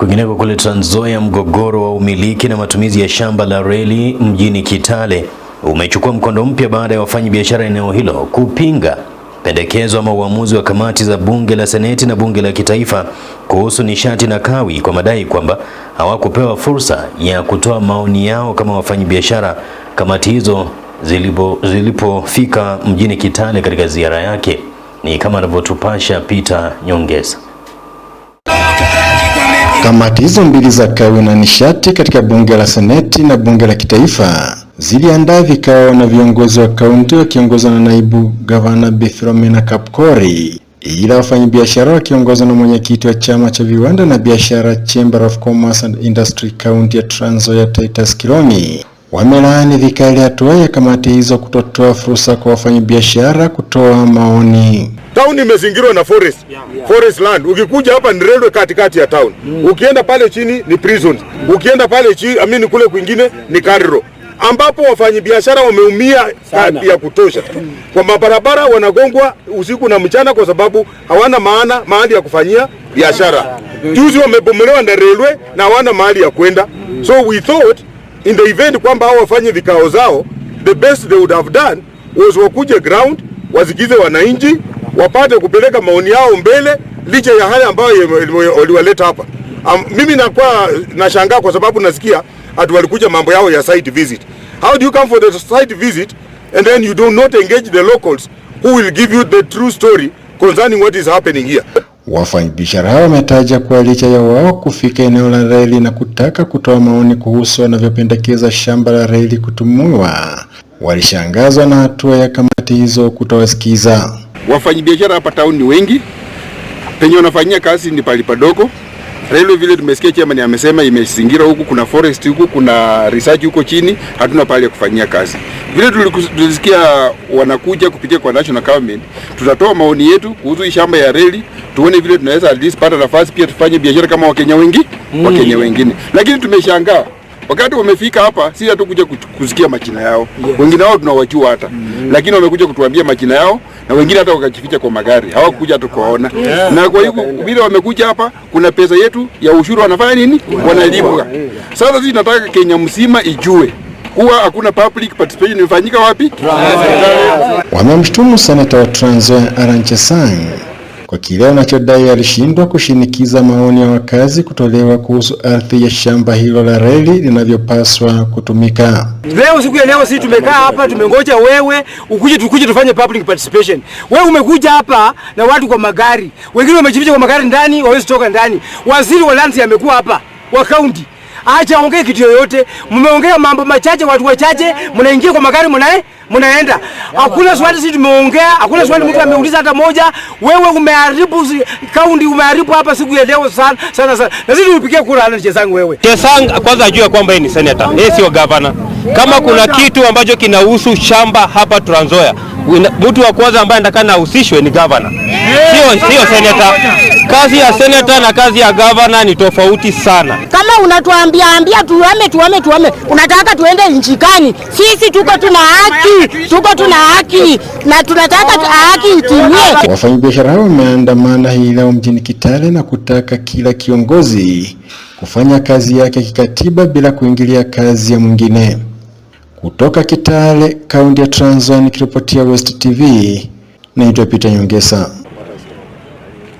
Kwingineko kule Trans Nzoia, mgogoro wa umiliki na matumizi ya shamba la reli mjini Kitale umechukua mkondo mpya baada ya wafanyabiashara eneo hilo kupinga pendekezo ama uamuzi wa kamati za bunge la seneti na bunge la kitaifa kuhusu nishati na kawi kwa madai kwamba hawakupewa fursa ya kutoa maoni yao kama wafanyabiashara. Kamati hizo zilipofika mjini Kitale katika ziara yake, ni kama anavyotupasha Peter nyongeza Kamati hizo mbili za kawi na nishati katika bunge la seneti na bunge la kitaifa ziliandaa vikao na viongozi wa kaunti wakiongozwa na naibu gavana Bi Philomena Kapkory, ila wafanyabiashara wakiongozwa na mwenyekiti wa chama cha viwanda na biashara Chamber of Commerce and Industry kaunti ya Trans Nzoia Titus Kiloni wamelaani vikali hatua ya kamati hizo kutotoa fursa kwa wafanyabiashara kutoa maoni town imezingirwa na forest yeah. Yeah. forest land. Ukikuja hapa ni railway katikati ya town mm. Ukienda pale chini ni prisons mm. Ukienda pale chini I mean kule kwingine yeah. ni kariro ambapo wafanyabiashara wameumia ya kutosha mm. kwa mabarabara, wanagongwa usiku na mchana kwa sababu hawana maana mahali ya kufanyia biashara. Juzi wamebomolewa na railway na hawana mahali ya kwenda, mm. so we thought in the event kwamba hao wafanye vikao zao, the best they would have done was wakuje ground, wazikize wananchi wapate kupeleka maoni yao mbele, licha ya hali ambayo waliwaleta hapa. Um, mimi nakuwa nashangaa kwa sababu nasikia ati walikuja mambo yao ya site visit. How do you come for the site visit and then you do not engage the locals who will give you the true story concerning what is happening here? Wafanyabiashara hao wametaja kuwa licha ya wao kufika eneo la reli na kutaka kutoa maoni kuhusu wanavyopendekeza shamba la reli kutumiwa, walishangazwa na hatua ya kamati hizo kutowasikiza. Wafanyabiashara hapa town ni wengi, penye wanafanyia kazi ni pali padogo. Railway vile tumesikia chairman amesema imezingira huku, kuna forest huku, kuna research huko chini, hatuna pale ya kufanyia kazi. Vile tulisikia wanakuja kupitia kwa national government, tutatoa maoni yetu kuhusu shamba ya reli, tuone vile tunaweza at least pata nafasi pia tufanye biashara kama Wakenya wengi, mm. Wakenya wengine, lakini tumeshangaa Wakati wamefika hapa, si hatu kuja kusikia majina yao yes. Wengine wao tunawajua hata mm -hmm. Lakini wamekuja kutuambia majina yao na wengine hata wakajificha kwa magari, hawakuja hata kuona yeah. Na kwa hivyo vile wamekuja hapa, kuna pesa yetu ya ushuru wanafanya nini? yeah. Wanalipwa. yeah. Sasa sisi tunataka Kenya mzima ijue kuwa hakuna public participation imefanyika wapi. yeah. yeah. Wamemshtumu senata wa Trans Nzoia Arany Chesang kwa kile anachodai alishindwa kushinikiza maoni ya wakazi kutolewa kuhusu ardhi ya shamba hilo la reli linavyopaswa kutumika. Leo siku ya leo sisi tumekaa hapa tumengoja wewe ukuje, tukuje tufanye public participation. Wewe umekuja hapa na watu kwa magari, wengine wamejificha kwa magari ndani, wawezi toka ndani. Waziri wa lands amekuwa hapa wa kaunti acha ongee kitu yoyote. Mmeongea mambo machache, watu wachache, mnaingia kwa magari, mnae mnaenda. Hakuna swali sisi tumeongea, hakuna swali mtu ameuliza hata moja. Wewe umeharibu kaunti, umeharibu hapa siku ya leo sana sana sana, na sisi tulipigia kura na Chesang. Wewe Chesang, kwanza ajue kwamba yeye ni senator, yeye sio governor. Kama kuna kitu ambacho kinahusu shamba hapa Trans Nzoia, mtu wa kwanza ambaye anataka ahusishwe ni governor, sio sio senator. Kazi ya seneta na kazi ya gavana ni tofauti sana. Kama unatuambia ambia tuame tuame tuame, unataka tuende nchi gani? Sisi tuko tuna haki, tuko tuna haki na tunataka haki itimie. Wafanyabiashara hao wameandamana hii leo mjini Kitale na kutaka kila kiongozi kufanya kazi yake kikatiba bila kuingilia kazi ya mwingine. Kutoka Kitale, kaunti ya Trans Nzoia, nikiripotia West TV, naitwa Peter Nyongesa.